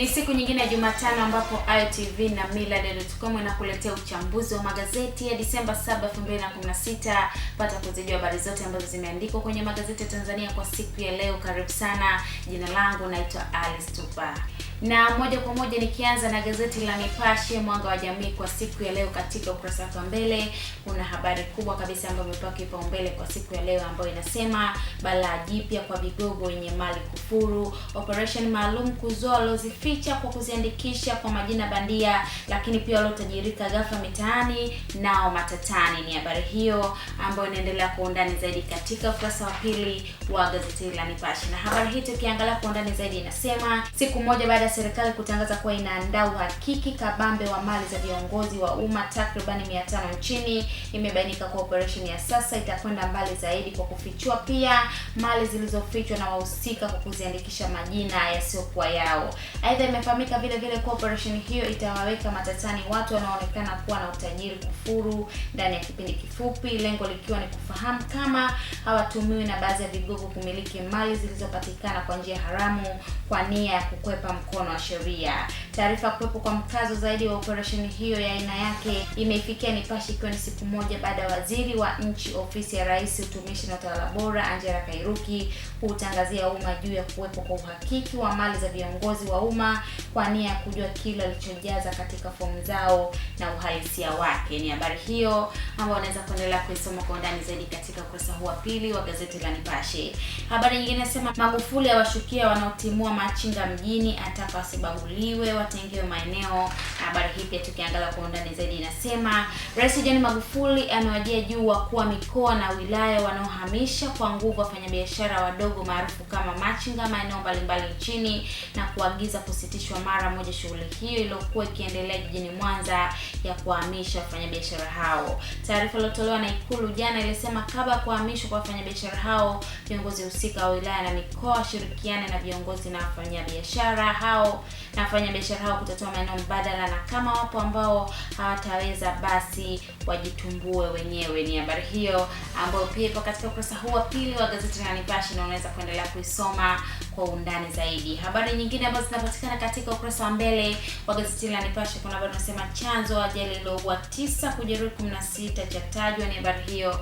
Ni siku nyingine ya Jumatano ambapo ITV na millardayo.com inakuletea uchambuzi wa magazeti ya Disemba 7, 2016. Pata kuzijua habari zote ambazo zimeandikwa kwenye magazeti ya Tanzania kwa siku ya leo. Karibu sana. Jina langu naitwa Alice Tupa na moja kwa moja nikianza na gazeti la Nipashe mwanga wa jamii kwa siku ya leo, katika ukurasa wa mbele kuna habari kubwa kabisa ambayo imepewa kipaumbele kwa siku ya leo ambayo inasema balaa jipya kwa vigogo wenye mali kufuru, operation maalum kuzoa waliozificha kwa kuziandikisha kwa majina bandia, lakini pia waliotajirika ghafla mitaani nao matatani. Ni habari hiyo ambayo inaendelea kwa undani zaidi katika ukurasa wa pili wa gazeti la Nipashe, na habari hii tukiangalia kwa undani zaidi inasema siku moja baada serikali kutangaza kuwa inaandaa uhakiki kabambe wa mali za viongozi wa umma takribani 500 nchini, imebainika kuwa operesheni ya sasa itakwenda mbali zaidi kwa kufichua pia mali zilizofichwa na wahusika kwa kuziandikisha majina yasiyokuwa yao. Aidha, imefahamika vile vile kuwa operesheni hiyo itawaweka matatani watu wanaoonekana kuwa na utajiri kufuru ndani ya kipindi kifupi, lengo likiwa ni kufahamu kama hawatumiwi na baadhi ya vigogo kumiliki mali zilizopatikana kwa njia haramu kwa nia ya kukwepa mkono mkono wa sheria. Taarifa kuwepo kwa mkazo zaidi wa operesheni hiyo ya aina yake imeifikia Nipashe ikiwa ni siku moja baada ya waziri wa nchi ofisi ya Rais, utumishi na utawala bora, Angela Kairuki kuutangazia umma juu ya kuwepo kwa uhakiki wa mali za viongozi wa umma kwa nia ya kujua kile alichojaza katika fomu zao na uhalisia wake. Ni habari hiyo ambayo unaweza kuendelea kuisoma kwa undani zaidi katika ukurasa huu wa pili wa gazeti la Nipashe. Habari nyingine inasema Magufuli awashukia wanaotimua machinga mjini, ataka wasibaguliwe, watengewe maeneo. Habari hii pia tukiangalia kwa undani zaidi inasema Rais John Magufuli amewajia juu wakuu wa mikoa na wilaya wanaohamisha kwa nguvu wafanyabiashara wadogo maarufu kama machinga maeneo mbalimbali nchini na kuagiza kusitishwa mara moja shughuli hiyo iliyokuwa ikiendelea jijini Mwanza ya kuhamisha wafanyabiashara hao. Taarifa iliyotolewa na Ikulu jana ilisema kabla ya kuhamishwa kwa wafanyabiashara hao, viongozi husika wa wilaya na mikoa washirikiane na viongozi na wafanyabiashara hao na wafanyabiashara hao kutatua maeneo mbadala, na kama wapo ambao hawataweza basi wajitumbue wenyewe. Ni habari hiyo ambayo pia ipo katika ukurasa huu wa pili wa gazeti la Nipashe na unaweza kuendelea kuisoma kwa undani zaidi. Habari nyingine ambazo zinapatikana katika ukurasa wa mbele wa gazeti la Nipashe kuna habari unasema chanzo ajali iliyoua tisa kujeruhi 16 chatajwa. Ni habari hiyo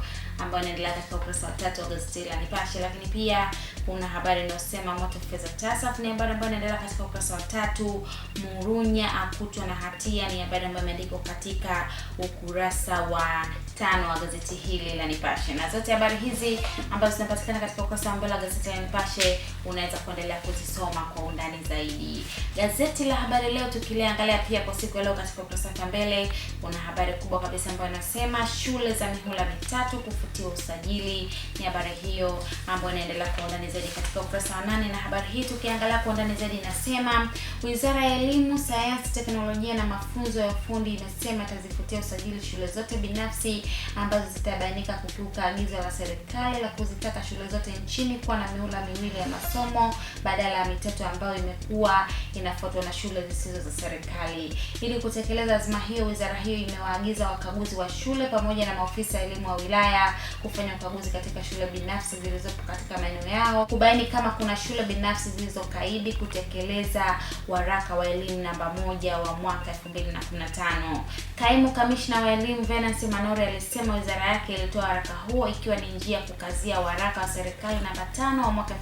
ambayo inaendelea katika ukurasa wa tatu wa gazeti la Nipashe, lakini pia kuna habari inayosema moto fedha TASAF ni habari ambayo inaendelea katika ukurasa wa tatu. Murunya akutwa na hatia ni habari ambayo imeandikwa katika ukurasa wa tano wa gazeti hili la Nipashe, na zote habari hizi ambazo zinapatikana katika ukurasa wa mbele wa gazeti la Nipashe unaweza kuendelea kuzisoma kwa undani zaidi. Gazeti la Habari Leo tukiliangalia pia kwa siku ya leo, katika ukurasa wa mbele kuna habari kubwa kabisa ambayo inasema shule za mihula mitatu kufu kutiwa usajili. Ni habari hiyo ambayo inaendelea kwa undani zaidi katika ukurasa wa nane, na habari hii tukiangalia kwa undani zaidi inasema Wizara ya Elimu, Sayansi, Teknolojia na Mafunzo ya Ufundi inasema itazifutia usajili shule zote binafsi ambazo zitabainika kukiuka agizo la serikali la kuzitaka shule zote nchini kuwa na miula miwili ya masomo badala ya mitatu ambayo imekuwa inafuatwa na shule zisizo za serikali. Ili kutekeleza azma hiyo, wizara hiyo imewaagiza wakaguzi wa shule pamoja na maofisa elimu wa wilaya kufanya ukaguzi katika shule binafsi zilizopo katika maeneo yao, kubaini kama kuna shule binafsi zilizokaidi kutekeleza waraka wa elimu namba moja wa mwaka 2015. Kaimu kamishna wa elimu Venance Manore alisema wizara yake ilitoa waraka huo ikiwa ni njia ya kukazia waraka wa serikali namba tano wa mwaka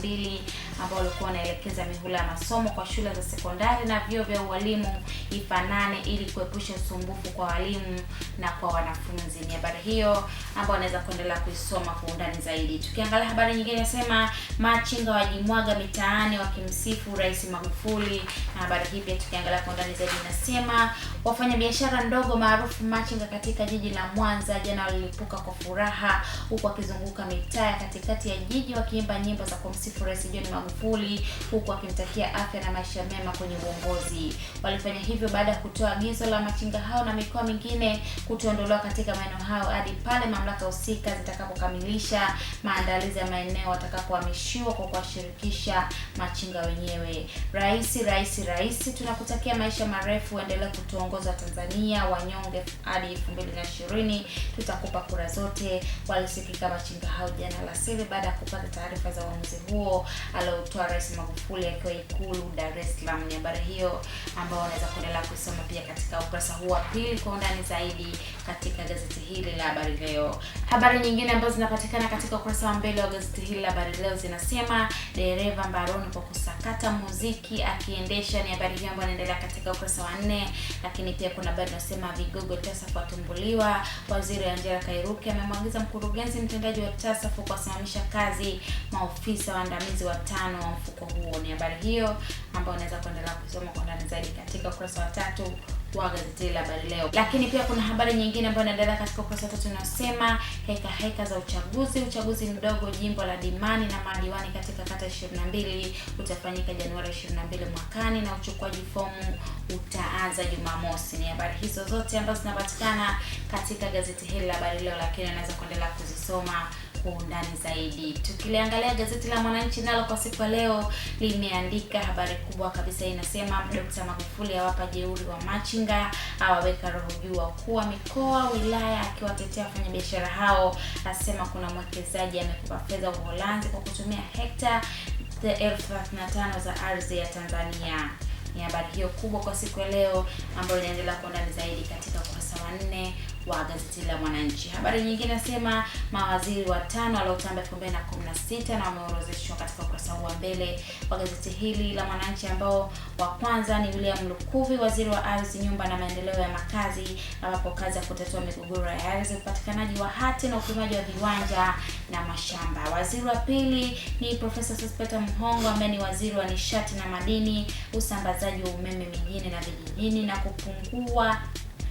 2012 ambao ulikuwa unaelekeza mihula ya masomo kwa shule za sekondari na vyuo vya ualimu ifanane ili kuepusha usumbufu kwa walimu na kwa wanafunzi. Ni habari hiyo ambao wanaweza kuendelea kuisoma kwa undani zaidi. Tukiangalia habari nyingine inasema machinga wajimwaga mitaani wakimsifu Rais Magufuli. na Habari hii pia tukiangalia kwa undani zaidi inasema wafanyabiashara ndogo maarufu machinga katika jiji la Mwanza jana walilipuka kwa furaha, huku wakizunguka mitaa ya katikati ya jiji wakiimba nyimbo za kumsifu Rais John Magufuli, huku wakimtakia afya na maisha mema kwenye uongozi. Walifanya hivyo baada ya kutoa agizo la machinga hao na mikoa mingine kutoondolewa katika maeneo hayo hadi pale mamlaka mamlaka husika zitakapokamilisha maandalizi ya maeneo watakapohamishiwa kwa kuwashirikisha machinga wenyewe. Rais, rais, rais, tunakutakia maisha marefu, uendelee kutuongoza Tanzania wanyonge hadi 2020 tutakupa kura zote, walisikika machinga hao jana alasiri baada ya kupata taarifa za uamuzi huo aliotoa Rais Magufuli akiwa Ikulu Dar es Salaam. Ni habari hiyo ambayo unaweza kuendelea kusoma pia katika ukurasa huu wa pili kwa undani zaidi katika gazeti hili la Habari Leo. Habari nyingine ambazo zinapatikana katika ukurasa wa mbele wa gazeti hili la Habari Leo zinasema dereva mbaroni kwa kusakata muziki akiendesha. Ni habari hiyo ambayo inaendelea katika ukurasa wa nne, lakini pia kuna habari inasema vigogo TASAF watumbuliwa. Waziri Angela Kairuki amemwagiza mkurugenzi mtendaji wa TASAF kuwasimamisha kazi maofisa waandamizi watano wa mfuko huo. Ni habari hiyo ambayo unaweza kuendelea kusoma kwa ndani zaidi katika ukurasa wa tatu wa gazeti la Habari Leo. Lakini pia kuna habari nyingine ambayo inaendelea katika ukurasa wa tatu inayosema heka heka za uchaguzi. Uchaguzi mdogo jimbo la Dimani na madiwani katika kata 22 utafanyika Januari 22 mwakani na uchukuaji fomu utaanza Jumamosi. Ni habari hizo zote ambazo zinapatikana katika gazeti hili la Habari Leo, lakini unaweza kuendelea kuzisoma kwa undani zaidi. Tukiliangalia gazeti la Mwananchi nalo kwa siku ya leo limeandika habari kubwa kabisa, inasema Dkt. Magufuli awapa jeuri wa machinga, awaweka roho juu wakuu wa mikoa wilaya, akiwatetea wafanyabiashara hao, asema kuna mwekezaji amekopa fedha Uholanzi kwa kutumia hekta elfu tano za ardhi ya Tanzania. Ni habari hiyo kubwa kwa siku ya leo ambayo inaendelea kwa undani zaidi katika ukurasa wa nne wa gazeti la Mwananchi. Habari nyingine nasema mawaziri watano waliotamba 2016 na wameorodheshwa katika ukurasa wa mbele wa gazeti hili la Mwananchi, ambao wa kwanza ni William Lukuvi, waziri wa ardhi, nyumba na maendeleo ya makazi, ambapo kazi ya kutatua migogoro ya ardhi, upatikanaji wa hati na upimaji wa viwanja na mashamba. Waziri wa pili ni Profesa Sospeter Muhongo ambaye ni waziri wa nishati na madini, usambazaji wa umeme mijini na vijijini na kupungua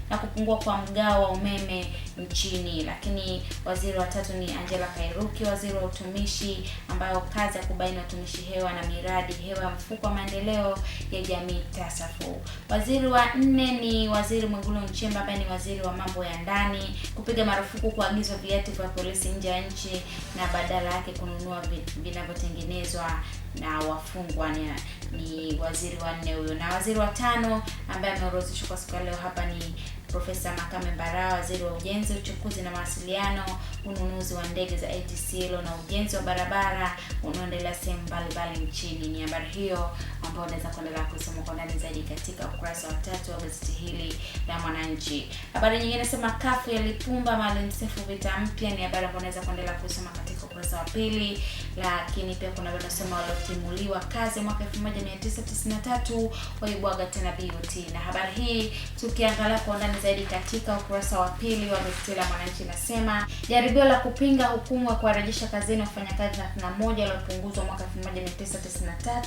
na kupungua kwa mgao wa umeme nchini. Lakini waziri wa tatu ni Angela Kairuki, waziri wa utumishi, ambayo kazi ya kubaini watumishi hewa na miradi hewa ya mfuko wa maendeleo ya jamii TASAFU. Waziri wa nne ni waziri Mwigulu Nchemba ambaye ni waziri wa mambo ya ndani, kupiga marufuku kuagizwa viatu vya polisi nje ya nchi na badala yake kununua vinavyotengenezwa na wafungwa ni, ni waziri wa nne huyo, na waziri wa tano ambaye ameorodheshwa kwa siku ya leo hapa ni Profesa Makame Mbarawa, waziri wa ujenzi, uchukuzi na mawasiliano, ununuzi wa ndege za ATCL na ujenzi wa barabara unaoendelea sehemu mbalimbali nchini. Ni habari hiyo ambayo unaweza kuendelea kusoma kwa ndani zaidi katika ukurasa wa tatu wa gazeti hili la Mwananchi. Habari nyingine nasema kafu ya Lipumba, Maalim Seif vita mpya, ni habari ambayo unaweza kuendelea kusoma katika ukurasa wa pili, lakini pia kuna habari nasema waliotimuliwa kazi mwaka 1993 waibwaga tena BOT, na habari hii tukiangalia kwa ndani zaidi katika ukurasa wa pili wa gazeti la Mwananchi inasema jaribio la kupinga hukumu ya kuwarejesha kazini wafanyakazi 31 waliopunguzwa mwaka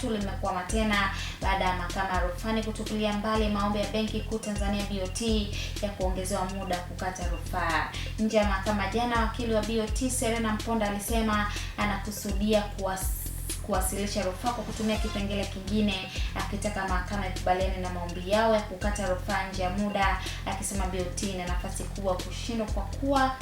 1993 limekwama tena baada ya mahakama ya rufani kutupilia mbali maombi ya Benki Kuu Tanzania BOT ya kuongezewa muda kukata rufaa. Nje ya mahakama jana, wakili wa BOT Serena Mponda alisema anakusudia kuwasi kuwasilisha rufaa kwa kutumia kipengele kingine, akitaka mahakama ikubaliane na maombi yao ya kukata rufaa nje ya muda, akisema BOT ina nafasi kubwa kushindwa kwa kuwa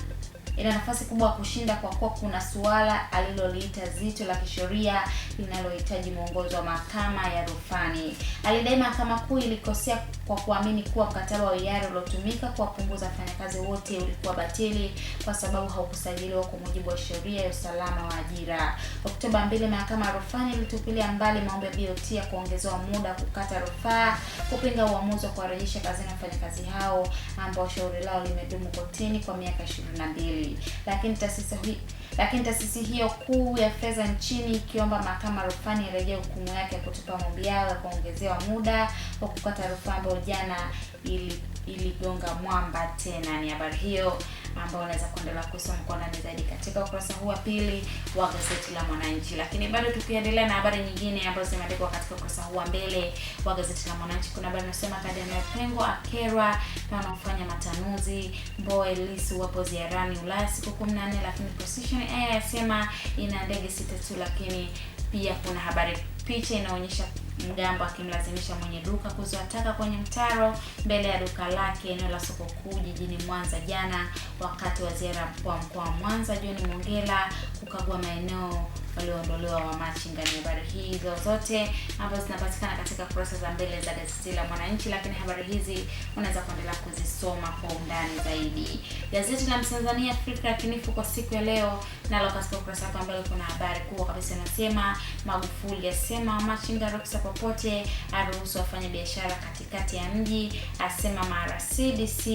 ina nafasi kubwa ya kushinda kwa kuwa kuna suala aliloliita zito la kisheria linalohitaji mwongozo wa mahakama ya rufani. Alidai mahakama kuu ilikosea kwa kuamini kuwa mkataba wa hiari uliotumika kuwapunguza wafanyakazi wote ulikuwa batili kwa sababu haukusajiliwa kwa mujibu wa sheria ya usalama wa ajira. Oktoba mbili, mahakama ya rufani ilitupilia mbali maombi ya BOT ya kuongezewa muda kukata rufaa kupinga uamuzi wa kuwarejesha kazini wafanyakazi hao ambao shauri lao limedumu kotini kwa miaka ishirini na mbili mbili, lakini taasisi hii lakini taasisi hiyo kuu ya fedha nchini ikiomba mahakama rufani irejee hukumu yake ya kutupa maombi yao ya kuongezewa muda wa kukata rufaa ambayo jana ili iligonga mwamba tena. Ni habari hiyo ambayo unaweza kuendelea kusoma kwa ndani zaidi katika ukurasa huu wa pili wa gazeti la Mwananchi. Lakini bado tukiendelea na habari nyingine ambazo zimeandikwa katika ukurasa huu wa mbele wa gazeti la Mwananchi, kuna habari inasema Kardinali Pengo akera kufanya matanuzi, Mbowe Lissu wapo ziarani Ulaya siku 14, lakini Precision Air yasema ina ndege sita tu, lakini pia kuna habari picha inaonyesha Mgambo akimlazimisha mwenye duka kuzoa taka kwenye mtaro mbele ya duka lake eneo la soko kuu jijini Mwanza jana, wakati wa ziara mkuu wa mkoa wa Mwanza John Mongella kukagua maeneo walioondolewa wamachinga. Ni habari hizo zote ambazo zinapatikana katika kurasa za mbele za gazeti la Mwananchi, lakini habari hizi unaweza kuendelea kuzisoma kwa undani zaidi. Gazeti la Mtanzania Fikra Kinifu kwa siku ya leo nalo katika ukurasa wake mbele kuna habari kubwa kabisa inasema, Magufuli asema wamachinga ruksa popote, aruhusu wafanya biashara katikati ya mji, asema mara CBC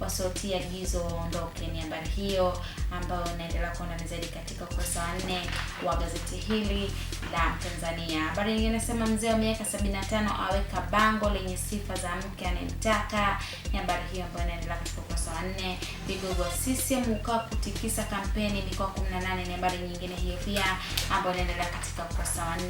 wasauti agizo waondoke. Ni habari hiyo ambayo inaendelea kuandani zaidi katika ukurasa wa nne wa gazeti hili la Tanzania. Habari nyingine inasema mzee wa miaka 75 aweka bango lenye sifa za mke anayemtaka. Ni habari hiyo ambayo inaendelea katika ukurasa wa nne vigogo CCM ukawa kutikisa kampeni mikoa 18. Ni habari nyingine hiyo pia ambayo inaendelea katika ukurasa wa 4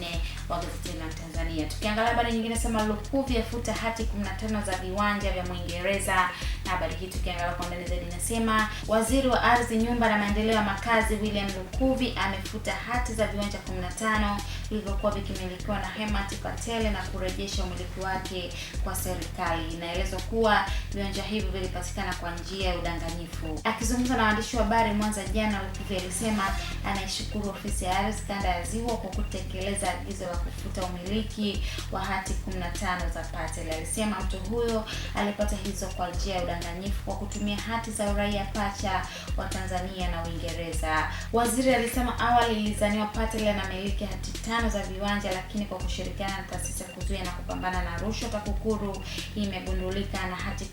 wa gazeti la Tanzania. Tukiangalia habari nyingine, sema Lukuvi afuta hati 15 za viwanja vya Mwingereza Habari hii tukiangalia kwa undani zaidi inasema waziri wa ardhi, nyumba na maendeleo ya makazi William Lukuvi amefuta hati za viwanja 15 vilivyokuwa vikimilikiwa na Hemati Patel na kurejesha umiliki wake kwa serikali. Inaelezwa kuwa viwanja hivyo vilipatikana kwa njia ya udanganyifu. Akizungumza na waandishi wa habari Mwanza jana, Lukuvi alisema anaishukuru ofisi ya Ardhi kanda ya Ziwa kwa kutekeleza agizo la kufuta umiliki wa hati 15 za Patel. Alisema mtu huyo alipata hizo kwa njia ya udanganyifu kwa kutumia hati za uraia pacha wa Tanzania na Uingereza. Waziri alisema awali ilizaniwa Patel anamiliki hati tano za viwanja, lakini kwa kushirikiana na taasisi ya kuzuia na kupambana na rushwa TAKUKURU imegundulika na hati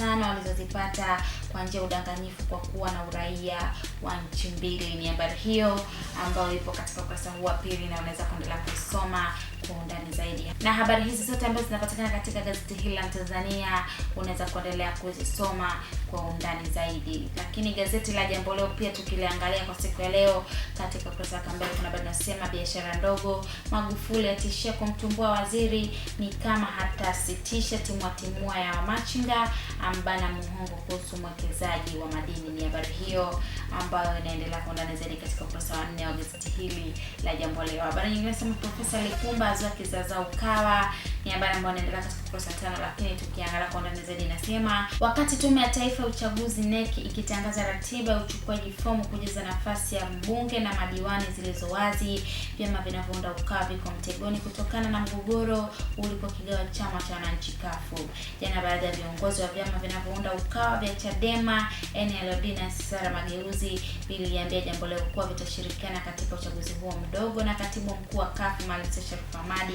15 alizozipata kwa njia ya udanganyifu kwa kuwa na uraia wa mbili. Ni habari hiyo ambayo ipo katika ukurasa huu wa pili, na unaweza kuendelea kusoma kwa undani zaidi, na habari hizi zote ambazo zinapatikana katika gazeti hili la Tanzania unaweza kuendelea kuzisoma kwa undani zaidi. Lakini gazeti la Jambo Leo pia tukiliangalia kwa siku ya leo, katika ukurasa wa kuna habari nasema biashara ndogo, Magufuli atishia kumtumbua waziri, ni kama hatasitisha timua timua ya wamachinga ambana muhongo kuhusu mwekezaji wa madini. Ni habari hiyo amba ambayo inaendelea kwa undani zaidi katika ukurasa wa nne wa gazeti hili la Jambo Leo. Habari nyingine nasema Profesa Lipumba azua kizaza UKAWA ni habari ambayo inaendelea katika kurasa tano, lakini tukiangalia kwa undani zaidi inasema wakati Tume ya Taifa ya Uchaguzi NEC ikitangaza ratiba ya uchukuaji fomu kujaza nafasi ya mbunge na madiwani zilizo wazi, vyama vinavyounda UKAWA viko mtegoni kutokana na mgogoro ulipo kigawa chama cha wananchi kafu Jana baadhi ya viongozi wa vyama vinavyounda UKAWA vya CHADEMA, NLD na Sara Mageuzi viliambia Jambo Leo kuwa vitashirikiana katika uchaguzi huo mdogo na katibu mkuu wa kafu Maalim Seif Hamad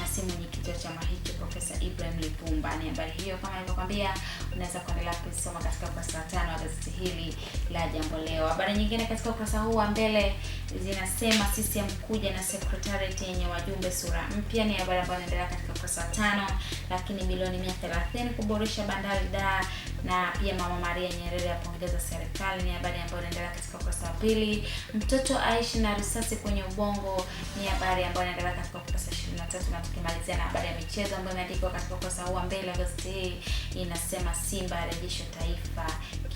na si mwenyekiti wa chama hicho Profesa Ibrahim Lipumba. Ni habari hiyo kama nilivyokuambia, unaweza kuendelea kuisoma katika ukurasa wa tano wa gazeti hili la Jambo Leo. Habari nyingine katika ukurasa huu wa mbele zinasema CCM kuja na secretariat yenye wajumbe sura mpya, ni habari ambayo inaendelea katika ukurasa wa tano. Lakini mia 130 kuboresha bandari Dar na pia Mama Maria Nyerere yapongeza serikali. Ni habari ambayo inaendelea katika ukurasa wa pili. Mtoto aishi na risasi kwenye ubongo, ni habari ambayo inaendelea katika ukurasa 23, na tukimalizia na habari ya michezo ambayo imeandikwa katika ukurasa huu wa mbele wa gazeti hii, inasema Simba rejesho taifa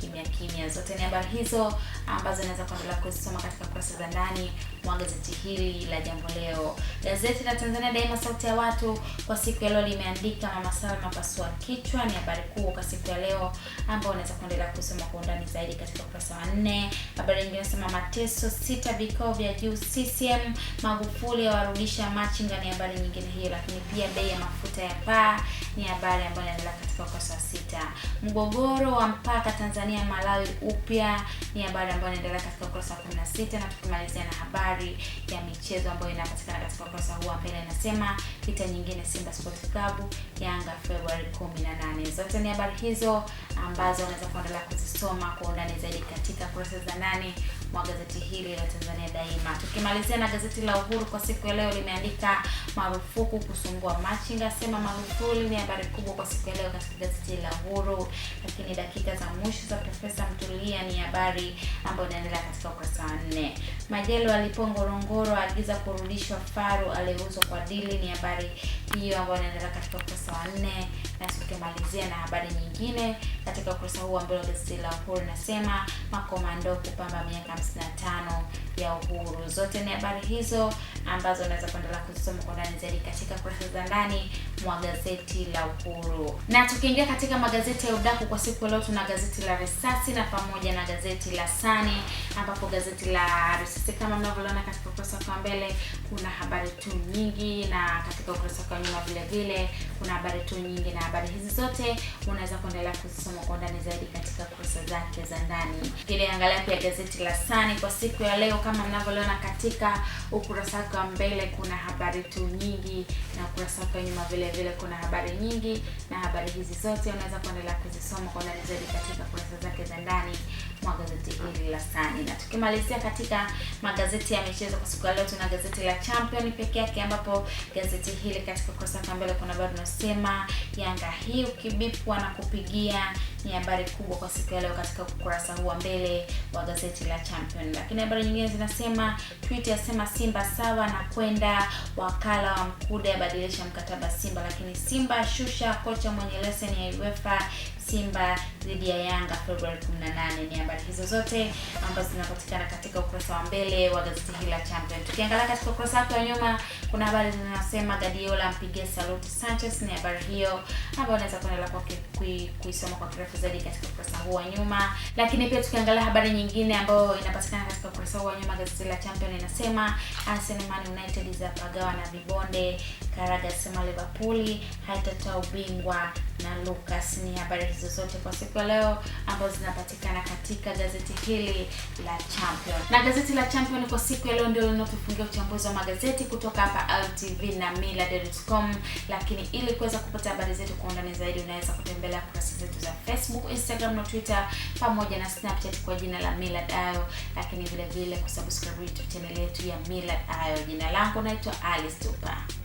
kimya kimya. Zote ni habari hizo ambazo inaweza kuendelea kuzisoma katika kurasa za ndani mwa gazeti hili la Jambo Leo. Gazeti la Tanzania Daima, sauti ya watu, kwa siku ya leo limeandika Mama Salma pasua kichwa, ni habari kuu kwa siku ya leo ambao unaweza kuendelea kusoma kwa undani zaidi katika ukurasa wa nne. Habari nyingine nasema mateso sita vikao vya juu CCM, Magufuli awarudisha machinga, ni habari nyingine hiyo, lakini pia bei ya mafuta ya paa ni habari ambayo inaendelea katika ukurasa wa sita. Mgogoro wa mpaka Tanzania Malawi upya ni habari ambayo inaendelea katika ukurasa wa sita, na tukimalizia na habari ya michezo ambayo inapatikana katika ukurasa huu wa mbele, inasema vita nyingine Simba Sports Club Yanga Februari 18. Zote ni habari hizo ambazo unaweza kuendelea kuzisoma kwa undani zaidi katika kurasa za nane mwa gazeti hili la Tanzania Daima. Tukimalizia na gazeti la Uhuru kwa siku ya leo limeandika marufuku kusumbua machinga, sema Magufuli, ni habari kubwa kwa siku ya leo katika gazeti la Uhuru. Lakini dakika za mwisho za Profesa Mtulia ni habari ambayo inaendelea katika ukurasa wa nne. Majelo alipo Ngorongoro aagiza kurudishwa faru aliyeuzwa kwa dili, ni habari hiyo ambayo inaendelea katika ukurasa wa nne nasi tukimalizia na habari nyingine katika ukurasa huu ambalo gazeti la Uhuru nasema makomando kupamba miaka 55 ya uhuru. Zote ni habari hizo ambazo unaweza kuendelea kuzisoma kwa ndani zaidi katika kurasa za ndani mwa gazeti la Uhuru. Na tukiingia katika magazeti ya udaku kwa siku leo, tuna gazeti la Risasi na pamoja na gazeti la Sani, ambapo gazeti la Risasi kama mnavyoona katika ukurasa wa mbele kuna habari tu nyingi, na katika ukurasa wa nyuma vile vile kuna habari tu nyingi, na habari hizi zote unaweza kuendelea kuzisoma kwa undani zaidi katika kurasa zake za ndani. Kile angalia pia gazeti la Sani kwa siku ya leo, kama mnavyoona katika ukurasa wa mbele kuna habari tu nyingi na ukurasa wa nyuma vile vile vile kuna habari nyingi, na habari hizi zote unaweza kuendelea kuzisoma kwa undani zaidi katika kurasa zake za ndani magazeti hili la Sani. Na tukimalizia katika magazeti ya michezo kwa siku ya leo, tuna gazeti la Champion peke yake, ambapo gazeti hili katika ukurasa wa mbele kuna habari unasema Yanga hii ukibipwa na kupigia ni habari kubwa kwa siku ya leo katika ukurasa huu wa mbele wa gazeti la Champion. Lakini habari nyingine zinasema Twitter yasema Simba sawa na kwenda, wakala wa Mkude abadilisha mkataba Simba, lakini Simba shusha kocha mwenye leseni ya UEFA, Simba dhidi ya Yanga Februari 18 ni habari habari hizo zote ambazo zinapatikana katika ukurasa wa mbele wa gazeti hili la Champion. Tukiangalia katika ukurasa wake wa nyuma, kuna habari zinasema Guardiola mpige saluti Sanchez, ni habari hiyo ambayo unaweza kuendelea kwa kuisoma kwa kirefu zaidi katika ukurasa huu wa nyuma. Lakini pia tukiangalia habari nyingine ambayo inapatikana katika ukurasa huu wa nyuma, gazeti la Champion inasema Arsenal, Man United za pagawa na vibonde, Karaga sema Liverpool haitatoa ubingwa na Lucas. Ni habari hizo zote kwa siku ya leo ambazo zinapatikana katika katika gazeti hili la Champion. Na gazeti la Champion kwa siku ya leo ndio linatufungia uchambuzi wa magazeti kutoka hapa LTV na millardayo.com, lakini ili kuweza kupata habari zetu kwa undani zaidi, unaweza kutembelea kurasa zetu za Facebook, Instagram na Twitter pamoja na Snapchat kwa jina la Millard Ayo, lakini vile vile kusubscribe YouTube channel yetu ya Millard Ayo. Jina langu naitwa Alice Tupa.